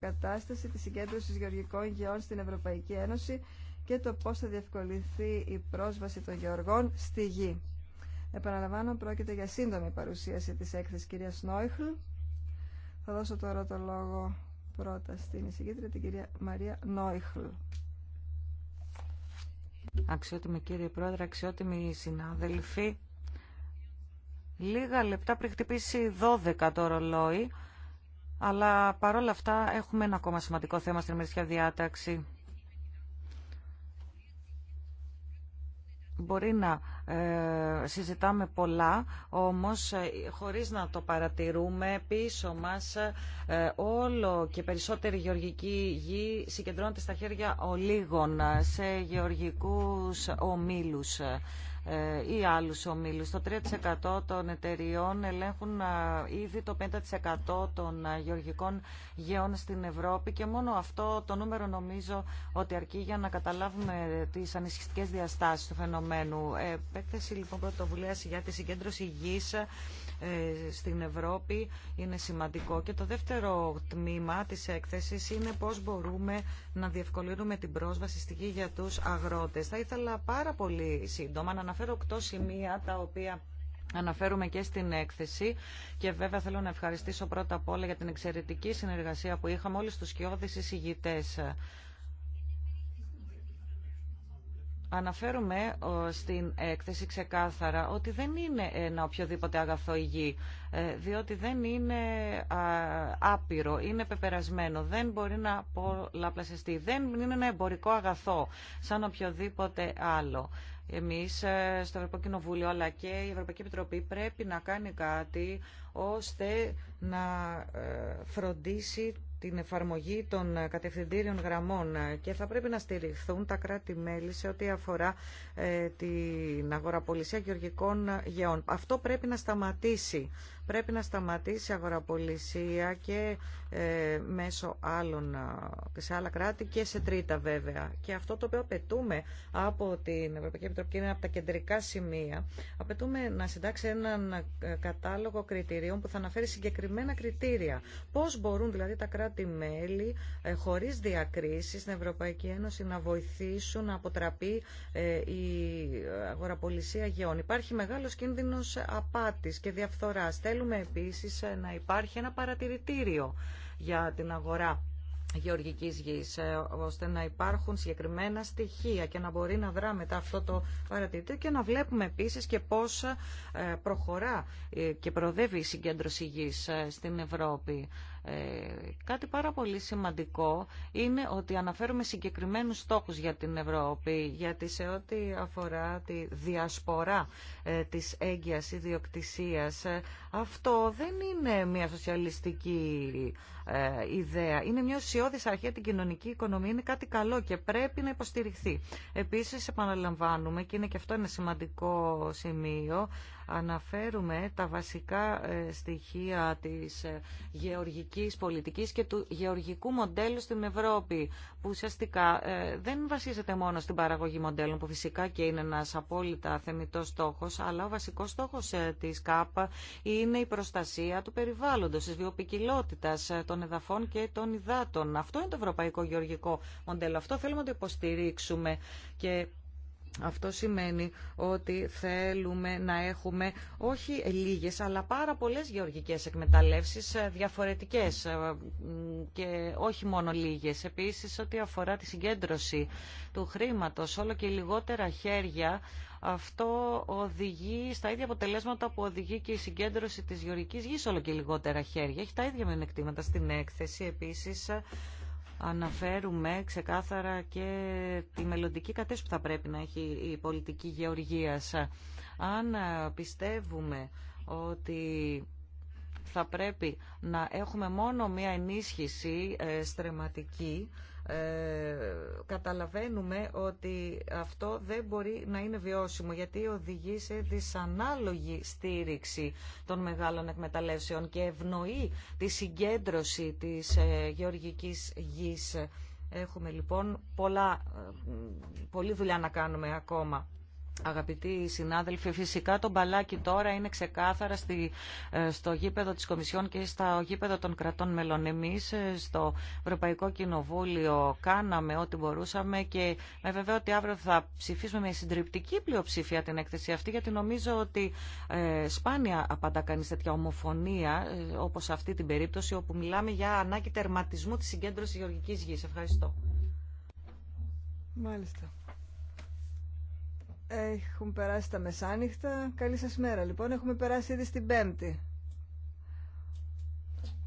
κατάσταση της συγκέντρωσης γεωργικών γεών στην Ευρωπαϊκή Ένωση και το πώς θα διευκολυνθεί η πρόσβαση των γεωργών στη γη. Επαναλαμβάνω, πρόκειται για σύντομη παρουσίαση της έκθεσης κυρίας Νόιχλ. Θα δώσω τώρα το λόγο πρώτα στην εισηγήτρια, την κυρία Μαρία Νόιχλ. Αξιότιμη κύριε Πρόεδρε, αξιότιμοι συνάδελφοι, λίγα λεπτά πριν χτυπήσει 12 το ρολόι, αλλά παρόλα αυτά έχουμε ένα ακόμα σημαντικό θέμα στην ημερησιά διάταξη. Μπορεί να ε, συζητάμε πολλά, όμως ε, χωρίς να το παρατηρούμε πίσω μας ε, όλο και περισσότερη γεωργική γη συγκεντρώνεται στα χέρια ολίγων σε γεωργικούς ομίλους. Ε, ή άλλους ομίλους. Το 3% των εταιριών ελέγχουν ήδη το 5% των γεωργικών γεών στην Ευρώπη και μόνο αυτό το νούμερο νομίζω ότι αρκεί για να καταλάβουμε τις ανησυχητικές διαστάσεις του φαινομένου. Επέκθεση λοιπόν πρωτοβουλία για τη συγκέντρωση γης ε, στην Ευρώπη είναι σημαντικό. Και το δεύτερο τμήμα της έκθεσης είναι πώς μπορούμε να διευκολύνουμε την πρόσβαση στη γη για τους αγρότες. Θα ήθελα πάρα πολύ σύντομα να αναφέρω οκτώ σημεία τα οποία Αναφέρουμε και στην έκθεση και βέβαια θέλω να ευχαριστήσω πρώτα απ' όλα για την εξαιρετική συνεργασία που είχαμε όλοι τους σκιώδεις εισηγητές. Αναφέρουμε στην έκθεση ξεκάθαρα ότι δεν είναι ένα οποιοδήποτε αγαθό ε, διότι δεν είναι άπειρο, είναι πεπερασμένο, δεν μπορεί να πολλαπλασιαστεί, δεν είναι ένα εμπορικό αγαθό σαν οποιοδήποτε άλλο. Εμείς ε, στο Ευρωπαϊκό Κοινοβούλιο αλλά και η Ευρωπαϊκή Επιτροπή πρέπει να κάνει κάτι ώστε να ε, φροντίσει την εφαρμογή των ε, κατευθυντήριων γραμμών και θα πρέπει να στηριχθούν τα κράτη-μέλη σε ό,τι αφορά ε, την αγοραπολισία γεωργικών γεών. Αυτό πρέπει να σταματήσει. Πρέπει να σταματήσει η αγοραπολισία και μέσω άλλων, σε άλλα κράτη και σε τρίτα βέβαια. Και αυτό το οποίο απαιτούμε από την Ευρωπαϊκή Επιτροπή και είναι από τα κεντρικά σημεία, απαιτούμε να συντάξει έναν κατάλογο κριτηρίων που θα αναφέρει συγκεκριμένα κριτήρια. Πώς μπορούν δηλαδή τα κράτη-μέλη ε, χωρίς διακρίσεις στην Ευρωπαϊκή Ένωση να βοηθήσουν να αποτραπεί ε, η αγοραπολισία γεών. Υπάρχει μεγάλος κίνδυνος απάτης και διαφθοράς. Θέλουμε επίσης ε, να υπάρχει ένα παρατηρητήριο για την αγορά γεωργικής γης, ε, ώστε να υπάρχουν συγκεκριμένα στοιχεία και να μπορεί να δρά μετά αυτό το παρατηρητήριο και να βλέπουμε επίσης και πώς ε, προχωρά ε, και προοδεύει η συγκέντρωση γης στην Ευρώπη. Κάτι πάρα πολύ σημαντικό είναι ότι αναφέρουμε συγκεκριμένους στόχους για την Ευρώπη, γιατί σε ό,τι αφορά τη διασπορά της έγκυας ιδιοκτησίας, αυτό δεν είναι μια σοσιαλιστική ε, ιδέα. Είναι μια ουσιώδης αρχή την κοινωνική οικονομία, είναι κάτι καλό και πρέπει να υποστηριχθεί. Επίσης επαναλαμβάνουμε και είναι και αυτό ένα σημαντικό σημείο αναφέρουμε τα βασικά ε, στοιχεία της ε, γεωργικής πολιτικής και του γεωργικού μοντέλου στην Ευρώπη, που ουσιαστικά ε, δεν βασίζεται μόνο στην παραγωγή μοντέλων, που φυσικά και είναι ένας απόλυτα θεμητός στόχος, αλλά ο βασικός στόχος της ΚΑΠΑ είναι η προστασία του περιβάλλοντος, της βιοπικιλότητας των εδαφών και των υδάτων. Αυτό είναι το ευρωπαϊκό γεωργικό μοντέλο. Αυτό θέλουμε να το υποστηρίξουμε και αυτό σημαίνει ότι θέλουμε να έχουμε όχι λίγες αλλά πάρα πολλές γεωργικές εκμεταλλεύσεις ε, διαφορετικές ε, και όχι μόνο λίγες. Επίσης ότι αφορά τη συγκέντρωση του χρήματος όλο και λιγότερα χέρια αυτό οδηγεί στα ίδια αποτελέσματα που οδηγεί και η συγκέντρωση της γεωργικής γης όλο και λιγότερα χέρια. Έχει τα ίδια μενεκτήματα στην έκθεση επίσης αναφέρουμε ξεκάθαρα και τη μελλοντική κατεύθυνση που θα πρέπει να έχει η πολιτική γεωργίας. Αν πιστεύουμε ότι θα πρέπει να έχουμε μόνο μία ενίσχυση ε, στρεματική, ε, καταλαβαίνουμε ότι αυτό δεν μπορεί να είναι βιώσιμο γιατί οδηγεί σε δυσανάλογη στήριξη των μεγάλων εκμεταλλεύσεων και ευνοεί τη συγκέντρωση της ε, γεωργικής γης. Έχουμε λοιπόν πολλά, πολλή δουλειά να κάνουμε ακόμα. Αγαπητοί συνάδελφοι, φυσικά το μπαλάκι τώρα είναι ξεκάθαρα στη, ε, στο γήπεδο της Κομισιόν και στο γήπεδο των κρατών μελών. Εμείς ε, στο Ευρωπαϊκό Κοινοβούλιο κάναμε ό,τι μπορούσαμε και με ότι αύριο θα ψηφίσουμε με συντριπτική πλειοψηφία την έκθεση αυτή γιατί νομίζω ότι ε, σπάνια απαντά κανείς τέτοια ομοφωνία ε, όπως αυτή την περίπτωση όπου μιλάμε για ανάγκη τερματισμού της συγκέντρωσης γεωργικής γης. Ευχαριστώ. Μάλιστα. Έχουν περάσει τα μεσάνυχτα. Καλή σας μέρα. Λοιπόν, έχουμε περάσει ήδη στην Πέμπτη.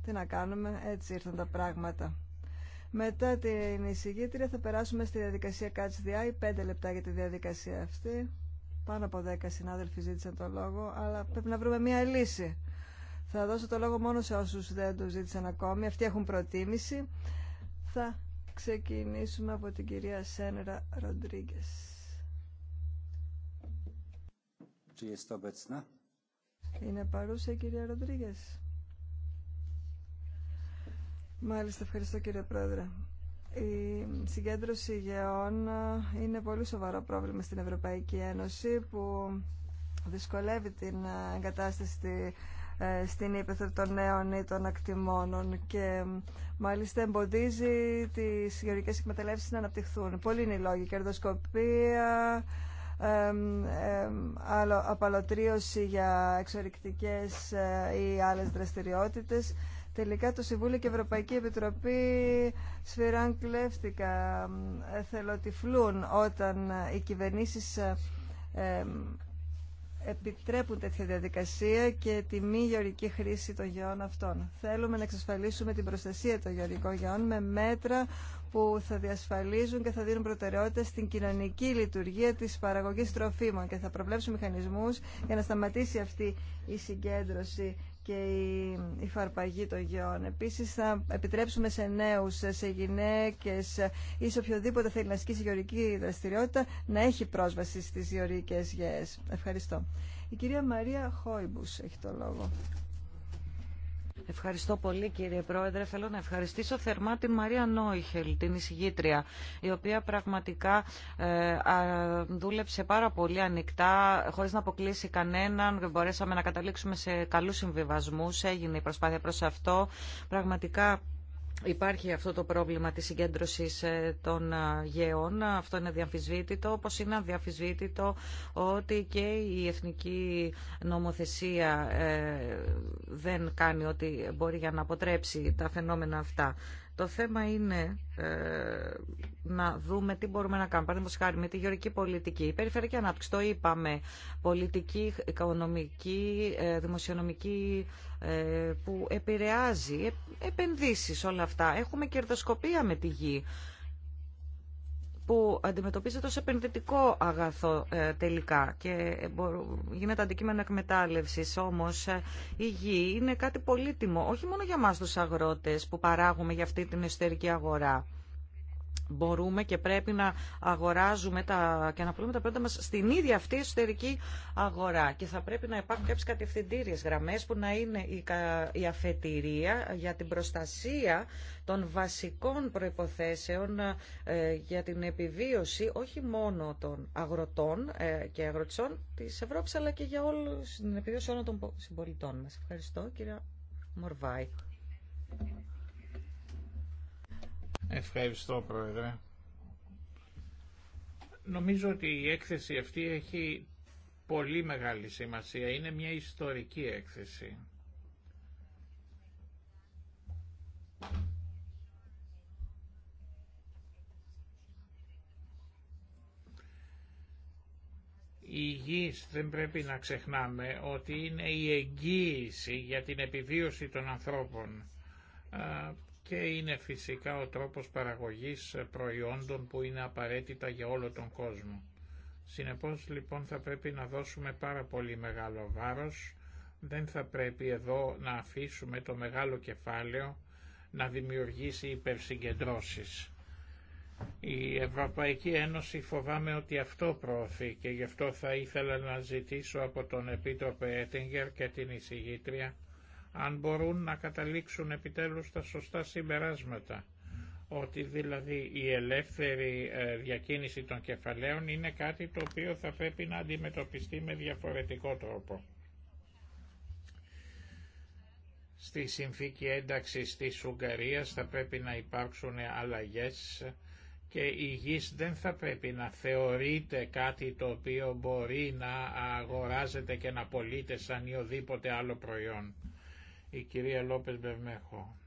Τι να κάνουμε, έτσι ήρθαν τα πράγματα. Μετά την εισηγήτρια θα περάσουμε στη διαδικασία Catch the Eye. Πέντε λεπτά για τη διαδικασία αυτή. Πάνω από δέκα συνάδελφοι ζήτησαν το λόγο, αλλά πρέπει να βρούμε μία λύση. Θα δώσω το λόγο μόνο σε όσους δεν το ζήτησαν ακόμη. Αυτοί έχουν προτίμηση. Θα ξεκινήσουμε από την κυρία Σένερα Ροντρίγκες. Είναι παρούσα η κυρία Ροντρίγε. Μάλιστα, ευχαριστώ κύριε Πρόεδρε. Η συγκέντρωση γεών είναι πολύ σοβαρό πρόβλημα στην Ευρωπαϊκή Ένωση που δυσκολεύει την εγκατάσταση ε, στην ύπεθρο των νέων ή των ακτιμώνων και μάλιστα εμποδίζει τις γεωργικές εκμεταλλεύσεις να αναπτυχθούν. Πολλοί είναι οι λόγοι. Κερδοσκοπία, απαλωτρίωση για εξορρυκτικές ε, ή άλλες δραστηριότητες. Τελικά το Συμβούλιο και η Ευρωπαϊκή Επιτροπή σφυράν κλέφτηκα, θελοτυφλούν όταν οι κυβερνήσεις ε, επιτρέπουν τέτοια διαδικασία και τη μη γεωρική χρήση των γεών αυτών. Θέλουμε να εξασφαλίσουμε την προστασία των γεωρικών γεών με μέτρα που θα διασφαλίζουν και θα δίνουν προτεραιότητα στην κοινωνική λειτουργία της παραγωγής τροφίμων και θα προβλέψουν μηχανισμούς για να σταματήσει αυτή η συγκέντρωση και η, η φαρπαγή των γεών. Επίσης θα επιτρέψουμε σε νέους, σε γυναίκες ή σε οποιοδήποτε θέλει να ασκήσει γεωρική δραστηριότητα να έχει πρόσβαση στις γεωρικές γεές. Ευχαριστώ. Η κυρία Μαρία Χόιμπους κυρια μαρια χοιμπου εχει το λόγο. Ευχαριστώ πολύ κύριε Πρόεδρε. Θέλω να ευχαριστήσω θερμά την Μαρία Νόιχελ, την εισηγήτρια, η οποία πραγματικά ε, δούλεψε πάρα πολύ ανοιχτά, χωρίς να αποκλείσει κανέναν. Μπορέσαμε να καταλήξουμε σε καλούς συμβιβασμούς. Έγινε η προσπάθεια προς αυτό. Πραγματικά Υπάρχει αυτό το πρόβλημα της συγκέντρωσης ε, των ε, γεών, αυτό είναι διαμφισβήτητο, όπως είναι αδιαμφισβήτητο ότι και η εθνική νομοθεσία ε, δεν κάνει ό,τι μπορεί για να αποτρέψει τα φαινόμενα αυτά. Το θέμα είναι ε, να δούμε τι μπορούμε να κάνουμε. Παραδείγματο χάρη με τη γεωρική πολιτική, η περιφερειακή ανάπτυξη, το είπαμε, πολιτική, οικονομική, ε, δημοσιονομική ε, που επηρεάζει, επενδύσεις όλα αυτά. Έχουμε κερδοσκοπία με τη γη που αντιμετωπίζεται ως επενδυτικό αγαθό ε, τελικά και γίνεται αντικείμενο εκμετάλλευσης. Όμως ε, η γη είναι κάτι πολύτιμο, όχι μόνο για μας τους αγρότες που παράγουμε για αυτή την εσωτερική αγορά μπορούμε και πρέπει να αγοράζουμε τα, και να πουλούμε τα πρώτα μας στην ίδια αυτή εσωτερική αγορά. Και θα πρέπει να υπάρχουν κάποιες κατευθυντήριες γραμμές που να είναι η, αφετηρία για την προστασία των βασικών προϋποθέσεων ε, για την επιβίωση όχι μόνο των αγροτών ε, και αγροτισών της Ευρώπης αλλά και για όλους, την επιβίωση όλων των συμπολιτών μας. Ευχαριστώ κύριε Μορβάη. Ευχαριστώ Πρόεδρε. Νομίζω ότι η έκθεση αυτή έχει πολύ μεγάλη σημασία. Είναι μια ιστορική έκθεση. η υγιής δεν πρέπει να ξεχνάμε ότι είναι η εγγύηση για την επιβίωση των ανθρώπων και είναι φυσικά ο τρόπος παραγωγής προϊόντων που είναι απαραίτητα για όλο τον κόσμο. Συνεπώς λοιπόν θα πρέπει να δώσουμε πάρα πολύ μεγάλο βάρος, δεν θα πρέπει εδώ να αφήσουμε το μεγάλο κεφάλαιο να δημιουργήσει υπερσυγκεντρώσεις. Η Ευρωπαϊκή Ένωση φοβάμαι ότι αυτό προωθεί και γι' αυτό θα ήθελα να ζητήσω από τον Επίτροπε Έτιγκερ και την εισηγήτρια αν μπορούν να καταλήξουν επιτέλους τα σωστά συμπεράσματα ότι δηλαδή η ελεύθερη ε, διακίνηση των κεφαλαίων είναι κάτι το οποίο θα πρέπει να αντιμετωπιστεί με διαφορετικό τρόπο. Στη συνθήκη ένταξης της Ουγγαρίας θα πρέπει να υπάρξουν αλλαγές και η γης δεν θα πρέπει να θεωρείται κάτι το οποίο μπορεί να αγοράζεται και να πωλείται σαν οδήποτε άλλο προϊόν η κυρία Λόπες Μπερμέχο.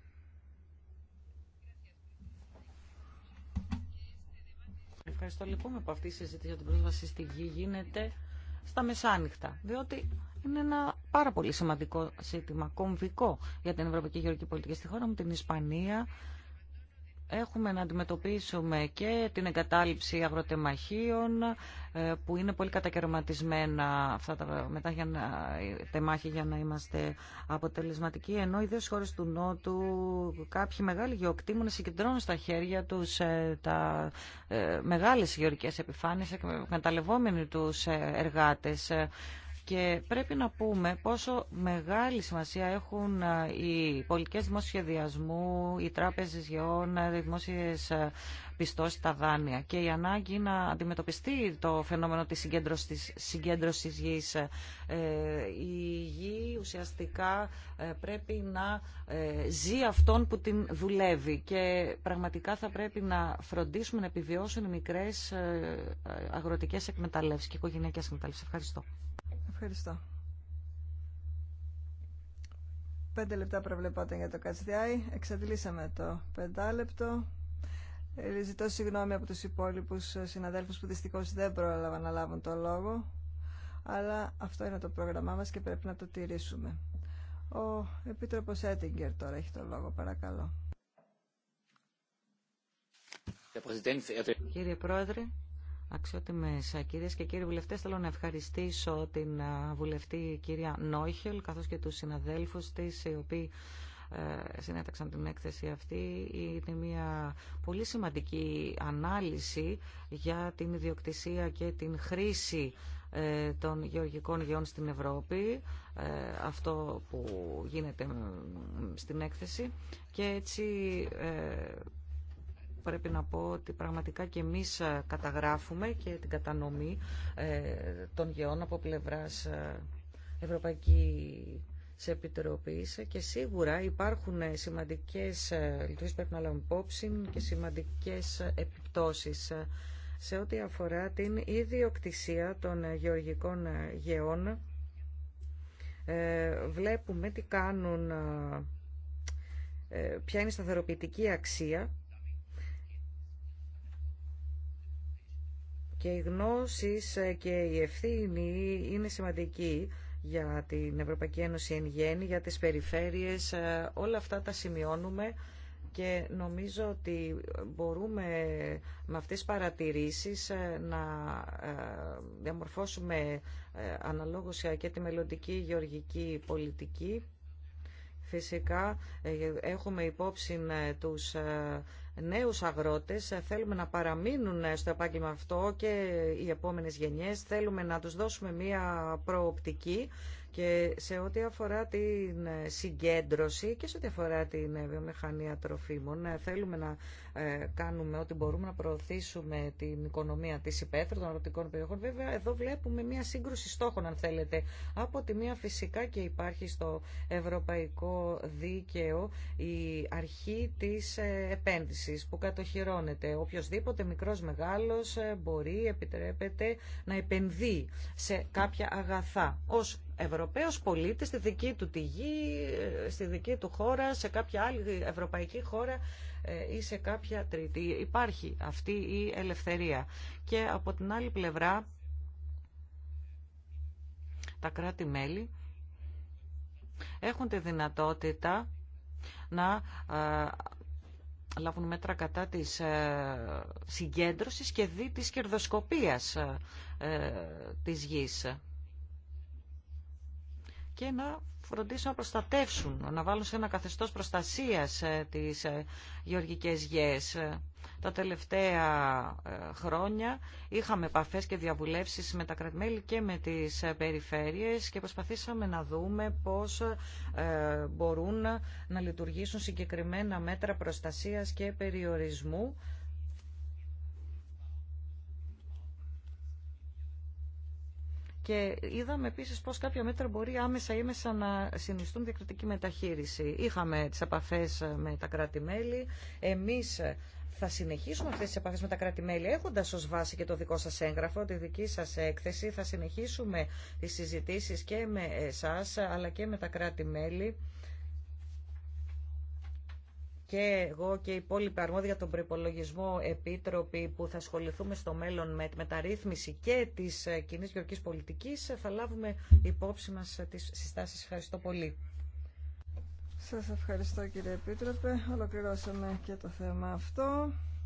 Ευχαριστώ. λοιπόν που αυτή η συζήτηση για την πρόσβαση στη γη γίνεται στα μεσάνυχτα, διότι είναι ένα πάρα πολύ σημαντικό ζήτημα, κομβικό για την Ευρωπαϊκή Γεωργική Πολιτική στη χώρα μου, την Ισπανία έχουμε να αντιμετωπίσουμε και την εγκατάλειψη αγροτεμαχίων ε, που είναι πολύ κατακαιρματισμένα αυτά τα μετά για να, ε, τεμάχια για να είμαστε αποτελεσματικοί ενώ οι δύο χώρες του Νότου κάποιοι μεγάλοι γεωκτήμονες συγκεντρώνουν στα χέρια τους ε, τα μεγάλες γεωργικές επιφάνειες εκμεταλλευόμενοι τους εργάτες και πρέπει να πούμε πόσο μεγάλη σημασία έχουν οι πολιτικές σχεδιασμού, οι τράπεζες γεών, οι δημόσιες πιστώσεις, τα δάνεια και η ανάγκη να αντιμετωπιστεί το φαινόμενο της συγκέντρωσης, συγκέντρωσης γης. Ε, η γη ουσιαστικά ε, πρέπει να ε, ζει αυτόν που την δουλεύει και πραγματικά θα πρέπει να φροντίσουμε να επιβιώσουν οι μικρές αγροτικές εκμεταλλεύσεις και οικογενειακές εκμεταλλεύσεις. Ευχαριστώ. Ευχαριστώ. Πέντε λεπτά προβλεπόταν για το ΚΑΤΣΔΙ. Εξαντλήσαμε το πεντάλεπτο. Ε, ζητώ συγγνώμη από τους υπόλοιπους ε, συναδέλφους που δυστυχώς δεν πρόλαβαν να λάβουν το λόγο. Αλλά αυτό είναι το πρόγραμμά μας και πρέπει να το τηρήσουμε. Ο Επίτροπος Έτιγκερ τώρα έχει το λόγο, παρακαλώ. Κύριε Πρόεδρε, Αξιότιμες κυρίε και κύριοι βουλευτές, θέλω να ευχαριστήσω την βουλευτή κυρία Νόιχελ καθώς και τους συναδέλφους της οι οποίοι ε, συνέταξαν την έκθεση αυτή είναι μια πολύ σημαντική ανάλυση για την ιδιοκτησία και την χρήση ε, των γεωργικών γεών στην Ευρώπη ε, αυτό που γίνεται στην έκθεση και έτσι πρέπει να πω ότι πραγματικά και εμείς ε, καταγράφουμε και την κατανομή ε, των γεών από πλευράς ε, Ευρωπαϊκή Επιτροπής και σίγουρα υπάρχουν σημαντικές λειτουργίες πρέπει να υπόψη και σημαντικές επιπτώσεις σε ό,τι αφορά την ιδιοκτησία των γεωργικών γεών. βλέπουμε τι κάνουν, ποια είναι η σταθεροποιητική αξία και οι γνώσει ε, και η ευθύνη είναι σημαντική για την Ευρωπαϊκή Ένωση εν γέννη, για τις περιφέρειες. Ε, όλα αυτά τα σημειώνουμε και νομίζω ότι μπορούμε με αυτές τις παρατηρήσεις ε, να διαμορφώσουμε αναλόγως και τη μελλοντική γεωργική πολιτική Φυσικά ε, έχουμε υπόψη ε, τους ε, νέους αγρότες, θέλουμε να παραμείνουν στο επάγγελμα αυτό και οι επόμενες γενιές, θέλουμε να τους δώσουμε μία προοπτική και σε ό,τι αφορά την ε, συγκέντρωση και σε ό,τι αφορά την ε, βιομηχανία τροφίμων ε, θέλουμε να κάνουμε ό,τι μπορούμε να προωθήσουμε την οικονομία της υπαίθρου των αγροτικών περιοχών. Βέβαια εδώ βλέπουμε μια σύγκρουση στόχων αν θέλετε. Από τη μία φυσικά και υπάρχει στο ευρωπαϊκό δίκαιο η αρχή της επένδυσης που κατοχυρώνεται. Οποιοςδήποτε μικρός μεγάλος μπορεί επιτρέπεται να επενδύει σε κάποια αγαθά ως Ευρωπαίος πολίτης στη δική του τη γη, ε, στη δική του χώρα, σε κάποια άλλη ευρωπαϊκή χώρα ε, ή σε κάποια τρίτη. Υπάρχει αυτή η ελευθερία. Και από την άλλη πλευρά τα κράτη-μέλη έχουν τη δυνατότητα να ε, λάβουν μέτρα κατά της συγκέντρωσης και δι της κερδοσκοπίας της γης και να φροντίσουν να προστατεύσουν, να βάλουν σε ένα καθεστώς προστασίας ε, τις ε, γεωργικές γης. Ε, τα τελευταία χρόνια είχαμε επαφές και διαβουλεύσεις με τα κρατημέλη και με τις περιφέρειες και προσπαθήσαμε να δούμε πώς μπορούν να λειτουργήσουν συγκεκριμένα μέτρα προστασίας και περιορισμού Και είδαμε επίση πως κάποια μέτρα μπορεί άμεσα ή έμεσα να συνιστούν διακριτική μεταχείριση. Είχαμε τις επαφέ με τα κράτη-μέλη. Εμείς θα συνεχίσουμε αυτέ τις επαφέ με τα κράτη-μέλη έχοντας ως βάση και το δικό σας έγγραφο, τη δική σας έκθεση. Θα συνεχίσουμε τις συζητήσει και με εσάς αλλά και με τα κράτη-μέλη και εγώ και οι υπόλοιποι αρμόδια για τον προπολογισμό επίτροποι που θα ασχοληθούμε στο μέλλον με τη μεταρρύθμιση και τη ε, κοινή γεωργική πολιτική, ε, θα λάβουμε υπόψη μα ε, τι συστάσει. Ευχαριστώ πολύ. Σας ευχαριστώ κύριε Επίτροπε. Ολοκληρώσαμε και το θέμα αυτό.